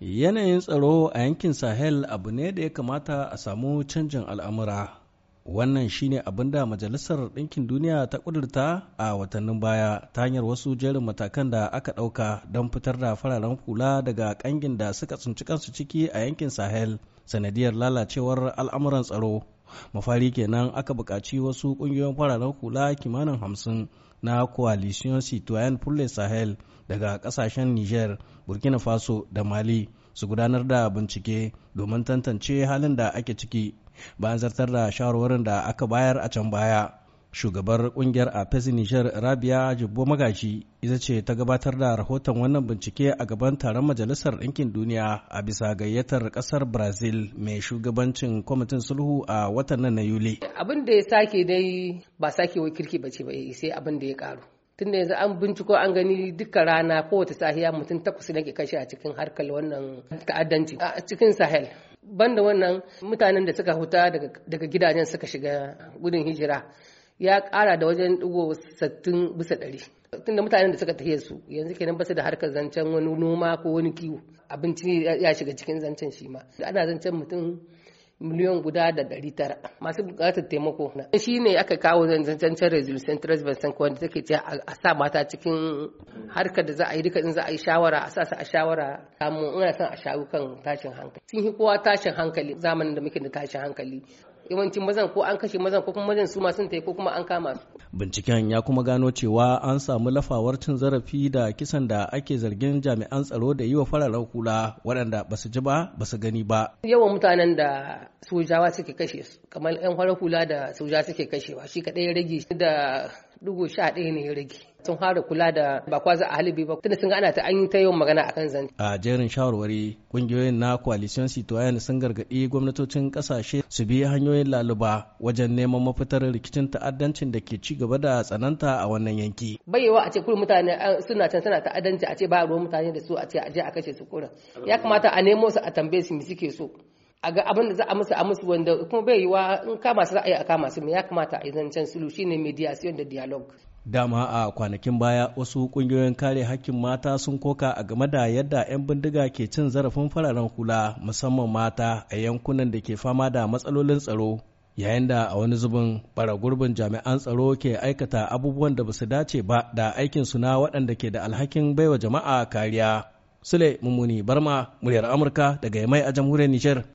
Yanayin tsaro a yankin Sahel abu ne da ya kamata a samu canjin al'amura. Wannan shine abin da Majalisar Ɗinkin Duniya ta ƙudurta a watannin baya ta hanyar wasu jerin matakan da aka ɗauka don fitar da fararen hula daga ƙangin da suka tsinci kansu ciki a yankin Sahel sanadiyar lalacewar al'amuran tsaro. mafari kenan aka buƙaci wasu ƙungiyoyin fararen hula kimanin hamsin na coalition citoyen pulle sahel daga ƙasashen niger burkina faso da mali su gudanar da bincike domin tantance halin da ake ciki bayan zartar da shawarwarin da aka bayar a can baya shugabar kungiyar a apes niger rabia jibbo magaji ita ce ta gabatar da rahoton wannan bincike a gaban taron majalisar ɗinkin duniya a bisa gayyatar ƙasar brazil mai shugabancin kwamitin sulhu a watan nan na yuli abin da ya sake dai ba sake wai kirki bace ba eh, sai abin da ya karu tunda yanzu an binciko an gani duka rana kowace sahiya mutum takwas nake kashe a cikin harkar wannan ta'addanci a cikin sahel banda wannan mutanen da suka huta daga gidajen suka shiga gudun hijira ya ƙara da wajen ɗigo sattin bisa ɗari. Tunda mutanen da suka tafiye su yanzu kenan basu da harkar zancen wani noma ko wani kiwo abinci ya shiga cikin zancen shi ma. Ana zancen mutum miliyan guda da ɗari tara masu buƙatar taimako na shi ne aka kawo zancen resolution trust bank wanda take ce a sa mata cikin harkar da za a yi duka in za a yi shawara a sa su a shawara kamun ina son a shawo kan tashin hankali sun yi kowa tashin hankali zamanin da muke da tashin hankali yawancin mazan ko an kashe mazan ko kuma mazan su masu tai ko kuma an kama su binciken ya kuma gano cewa an samu lafawar cin zarafi da kisan da ake zargin jami'an tsaro da yi wa fararen hula waɗanda ba su ji ba ba su gani ba yawan mutanen da sojawa suke kashe su kamar yan farar hula da soja suke kashewa shi kaɗai ya rage da dubu sha ɗaya ne ya rage sun fara kula da ba kwaza a halibi ba tunda sun ga ana ta an yi ta yawan magana akan zanti. a jerin shawarwari kungiyoyin na coalition citoyen sun gargaɗi gwamnatocin ƙasashe su bi hanyoyin laluba wajen neman mafitar rikicin ta'addancin da ke ci gaba da tsananta a wannan yanki bayewa a ce kullum mutane suna can suna ta'addanci a ce ba a ruwan mutane da su a ce a je a kashe su kura ya kamata a nemo su a tambaye su me suke so a ga abin da za a musu a musu wanda kuma bai yiwa in ka masu za a yi masu kama su ya kamata a yi zancen sulu shine mediation da dialogue dama a kwanakin baya wasu kungiyoyin kare hakkin mata sun koka a game da yadda 'yan bindiga ke cin zarafin fararen hula musamman mata a yankunan da ke fama da matsalolin tsaro yayin da a wani zubin bara gurbin jami'an tsaro ke aikata abubuwan da basu dace ba da aikin su na waɗanda ke da alhakin baiwa jama'a kariya sule mummuni barma muryar amurka daga mai a jamhuriyar nijar